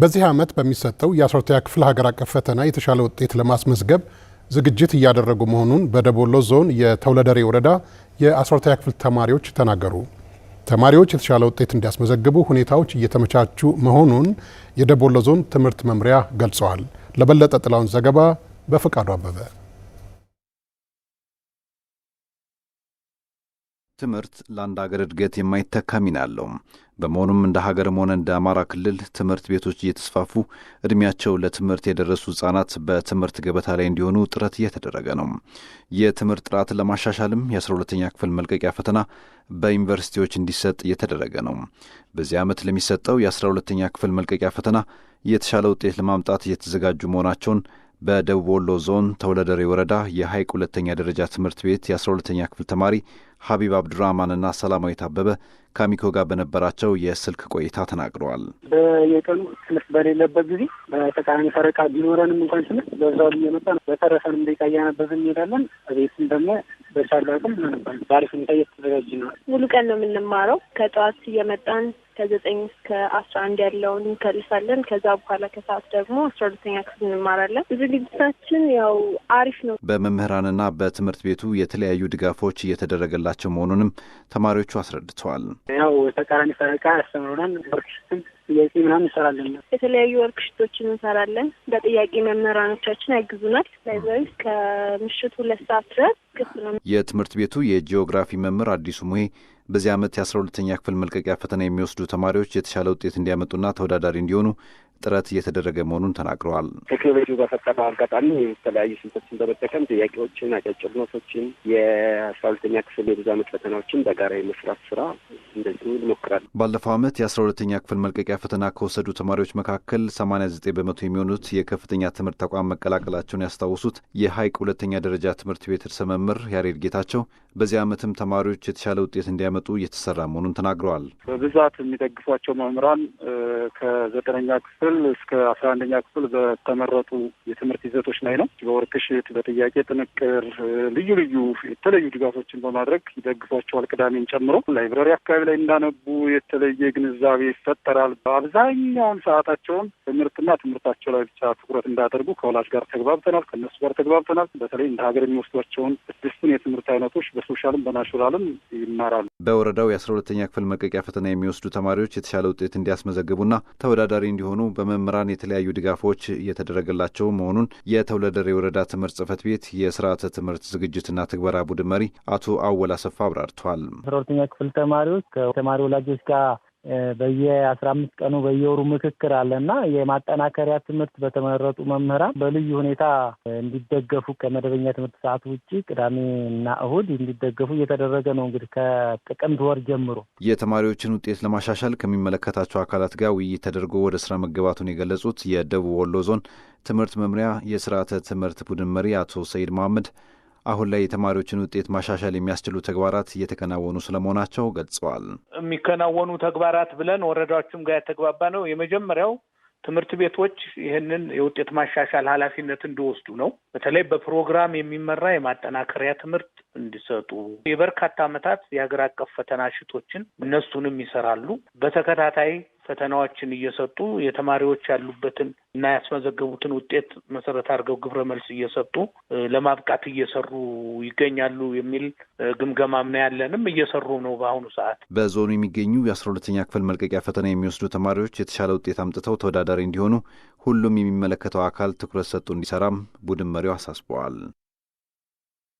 በዚህ ዓመት በሚሰጠው የአስራተኛ ክፍል ሀገር አቀፍ ፈተና የተሻለ ውጤት ለማስመዝገብ ዝግጅት እያደረጉ መሆኑን በደቦሎ ዞን የተውለደሬ ወረዳ የአስራተኛ ክፍል ተማሪዎች ተናገሩ። ተማሪዎች የተሻለ ውጤት እንዲያስመዘግቡ ሁኔታዎች እየተመቻቹ መሆኑን የደቦሎ ዞን ትምህርት መምሪያ ገልጸዋል። ለበለጠ ጥላውን ዘገባ በፈቃዱ አበበ ትምህርት ለአንድ ሀገር እድገት የማይተካ ሚና አለው። በመሆኑም እንደ ሀገርም ሆነ እንደ አማራ ክልል ትምህርት ቤቶች እየተስፋፉ እድሜያቸው ለትምህርት የደረሱ ህጻናት በትምህርት ገበታ ላይ እንዲሆኑ ጥረት እየተደረገ ነው። የትምህርት ጥራት ለማሻሻልም የ12ተኛ ክፍል መልቀቂያ ፈተና በዩኒቨርሲቲዎች እንዲሰጥ እየተደረገ ነው። በዚህ ዓመት ለሚሰጠው የ12ተኛ ክፍል መልቀቂያ ፈተና የተሻለ ውጤት ለማምጣት እየተዘጋጁ መሆናቸውን በደቡብ ወሎ ዞን ተውለደሬ ወረዳ የሐይቅ ሁለተኛ ደረጃ ትምህርት ቤት የ12ተኛ ክፍል ተማሪ ሀቢብ አብዱራህማንና ሰላማዊት አበበ ከአሚኮ ጋር በነበራቸው የስልክ ቆይታ ተናግረዋል። በየቀኑ ትምህርት በሌለበት ጊዜ በተቃራኒ ፈረቃ ቢኖረንም እንኳን ትምህርት በዛው እየመጣ በተረፈንም ደቂቃ እያነበብን እንሄዳለን። ቤትም ደግሞ በቻሉ አቅም እናነባለን። በአሪፍ ሁኔታ እየተዘጋጅ ነው። ሙሉ ቀን ነው የምንማረው። ከጠዋት እየመጣን ከዘጠኝ እስከ አስራ አንድ ያለውን እንከልሳለን። ከዛ በኋላ ከሰዓት ደግሞ አስራ ሁለተኛ ክፍል እንማራለን። ዝግጅታችን ያው አሪፍ ነው። በመምህራንና በትምህርት ቤቱ የተለያዩ ድጋፎች እየተደረገላ ያላቸው መሆኑንም ተማሪዎቹ አስረድተዋል። ያው ተቃራኒ ፈረቃ ያስተምሩናል። ወርክሽትም ጥያቄ ምናምን እንሰራለን። የተለያዩ ወርክሽቶችን እንሰራለን። በጥያቄ መምህራኖቻችን ያግዙናል። ላይብራሪ ከምሽቱ ሁለት ሰዓት ድረስ ክፍት ነው። የትምህርት ቤቱ የጂኦግራፊ መምህር አዲሱ ሙሄ በዚህ ዓመት የአስራ ሁለተኛ ክፍል መልቀቂያ ፈተና የሚወስዱ ተማሪዎች የተሻለ ውጤት እንዲያመጡና ተወዳዳሪ እንዲሆኑ ጥረት እየተደረገ መሆኑን ተናግረዋል። ቴክኖሎጂ በፈጠረው አጋጣሚ የተለያዩ ስልቶችን በመጠቀም ጥያቄዎችን፣ አጫጭር ኖቶችን፣ የአስራ ሁለተኛ ክፍል የብዛመት ፈተናዎችን በጋራ የመስራት ስራ እንደዚሁ ይሞክራል። ባለፈው ዓመት የአስራ ሁለተኛ ክፍል መልቀቂያ ፈተና ከወሰዱ ተማሪዎች መካከል ሰማኒያ ዘጠኝ በመቶ የሚሆኑት የከፍተኛ ትምህርት ተቋም መቀላቀላቸውን ያስታወሱት የሀይቅ ሁለተኛ ደረጃ ትምህርት ቤት ርዕሰ መምህር ያሬድ ጌታቸው በዚህ ዓመትም ተማሪዎች የተሻለ ውጤት እንዲያመጡ እየተሰራ መሆኑን ተናግረዋል። በብዛት የሚደግፏቸው መምህራን ከዘጠነኛ ክፍል እስከ አስራ አንደኛ ክፍል በተመረጡ የትምህርት ይዘቶች ላይ ነው። በወርክሽት፣ በጥያቄ ጥንቅር ልዩ ልዩ የተለዩ ድጋፎችን በማድረግ ይደግፏቸዋል። ቅዳሜን ጨምሮ ላይብረሪ አካባቢ ላይ እንዳነቡ የተለየ ግንዛቤ ይፈጠራል። በአብዛኛውን ሰዓታቸውን ትምህርትና ትምህርታቸው ላይ ብቻ ትኩረት እንዳያደርጉ ከወላጅ ጋር ተግባብተናል፣ ከእነሱ ጋር ተግባብተናል። በተለይ እንደ ሀገር የሚወስዷቸውን ስድስቱን የትምህርት አይነቶች በሶሻልም በናቹራልም ይማራሉ። በወረዳው የአስራ ሁለተኛ ክፍል መቀቂያ ፈተና የሚወስዱ ተማሪዎች የተሻለ ውጤት እንዲያስመዘግቡና ተወዳዳሪ እንዲሆኑ በመምህራን የተለያዩ ድጋፎች እየተደረገላቸው መሆኑን የተውለደር የወረዳ ትምህርት ጽህፈት ቤት የስርዓተ ትምህርት ዝግጅትና ትግበራ ቡድን መሪ አቶ አወል አሰፋ አብራርተዋል። አስራ ሁለተኛ ክፍል ተማሪዎች ከተማሪ ወላጆች ጋር በየአስራ አምስት ቀኑ በየወሩ ምክክር አለ እና የማጠናከሪያ ትምህርት በተመረጡ መምህራን በልዩ ሁኔታ እንዲደገፉ ከመደበኛ ትምህርት ሰዓት ውጭ ቅዳሜና እሁድ እንዲደገፉ እየተደረገ ነው። እንግዲህ ከጥቅምት ወር ጀምሮ የተማሪዎችን ውጤት ለማሻሻል ከሚመለከታቸው አካላት ጋር ውይይት ተደርጎ ወደ ስራ መገባቱን የገለጹት የደቡብ ወሎ ዞን ትምህርት መምሪያ የስርዓተ ትምህርት ቡድን መሪ አቶ ሰይድ መሐመድ አሁን ላይ የተማሪዎችን ውጤት ማሻሻል የሚያስችሉ ተግባራት እየተከናወኑ ስለመሆናቸው ገልጸዋል። የሚከናወኑ ተግባራት ብለን ወረዳዎችም ጋር የተግባባ ነው። የመጀመሪያው ትምህርት ቤቶች ይህንን የውጤት ማሻሻል ኃላፊነት እንዲወስዱ ነው። በተለይ በፕሮግራም የሚመራ የማጠናከሪያ ትምህርት እንዲሰጡ የበርካታ ዓመታት የሀገር አቀፍ ፈተና ሽቶችን እነሱንም ይሰራሉ በተከታታይ ፈተናዎችን እየሰጡ የተማሪዎች ያሉበትን እና ያስመዘገቡትን ውጤት መሰረት አድርገው ግብረ መልስ እየሰጡ ለማብቃት እየሰሩ ይገኛሉ የሚል ግምገማም ነው ያለንም እየሰሩ ነው። በአሁኑ ሰዓት በዞኑ የሚገኙ የአስራ ሁለተኛ ክፍል መልቀቂያ ፈተና የሚወስዱ ተማሪዎች የተሻለ ውጤት አምጥተው ተወዳዳሪ እንዲሆኑ ሁሉም የሚመለከተው አካል ትኩረት ሰጡ እንዲሰራም ቡድን መሪው አሳስበዋል።